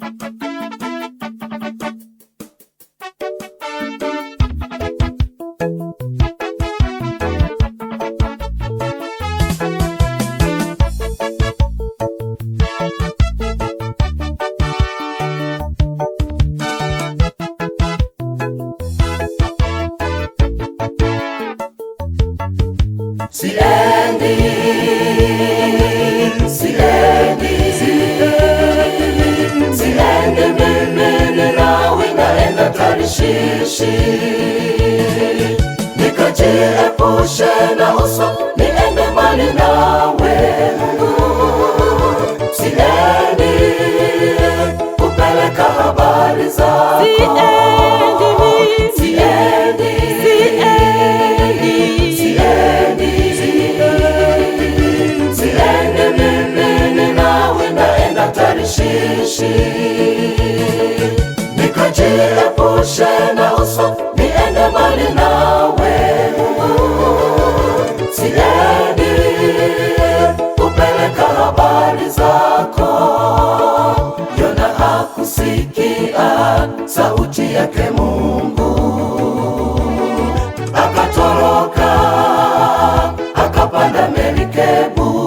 Thank you. kuishi, nikajiepushe na uso, niende mbali nawe Mungu, siendi kupeleka habari zako, siendi niepushe na uso, niende mbali nawe Mungu, siendi kupeleka habari zako. Yona hakusikia sauti yake Mungu, akatoroka akapanda merikebu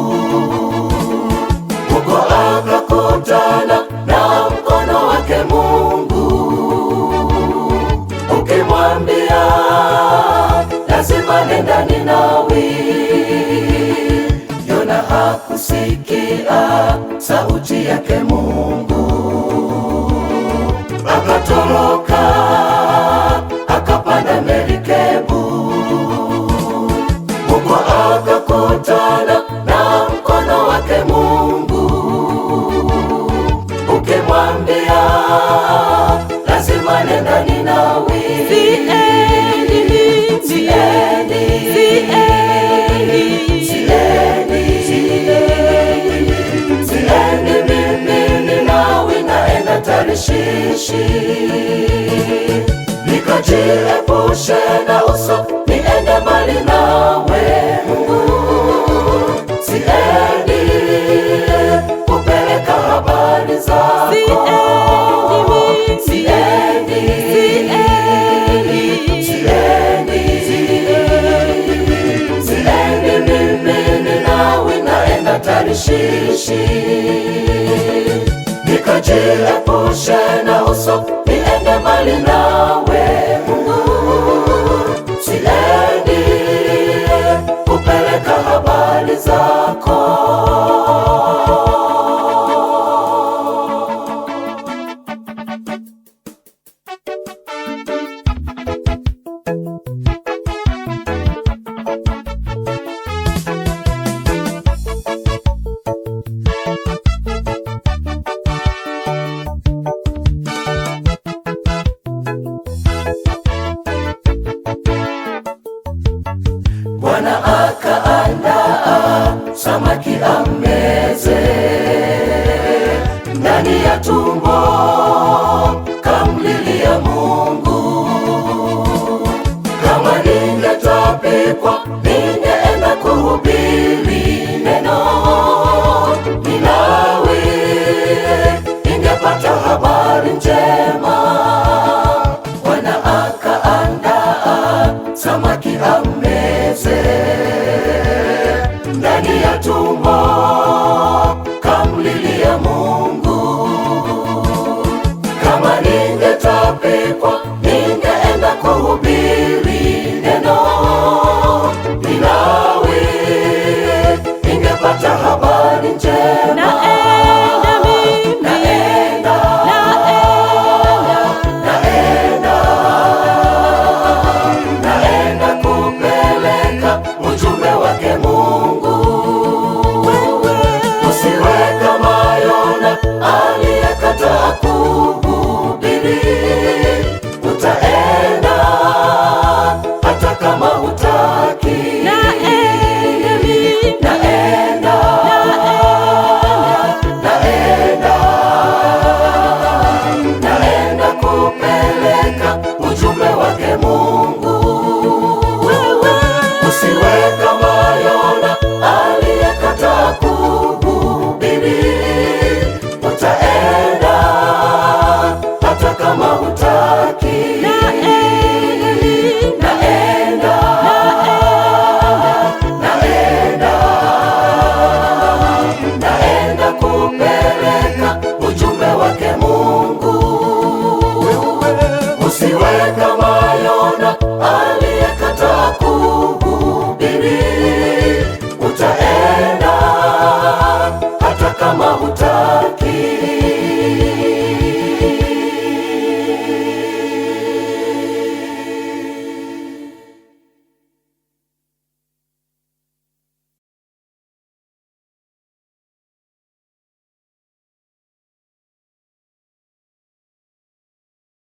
kusikia sauti yake Mungu akatoroka akapanda merikebu, huko akakutana na mkono wake Mungu ukimwambia nishishi, nikajiepushe na uso, niende mbali nawe Mungu, siendi kupeleka habari zako, siendi Nijiepushe na uso, niende mbali na akiambeze ndani ya tumbo, kamlilia Mungu kama ningetapikwa be.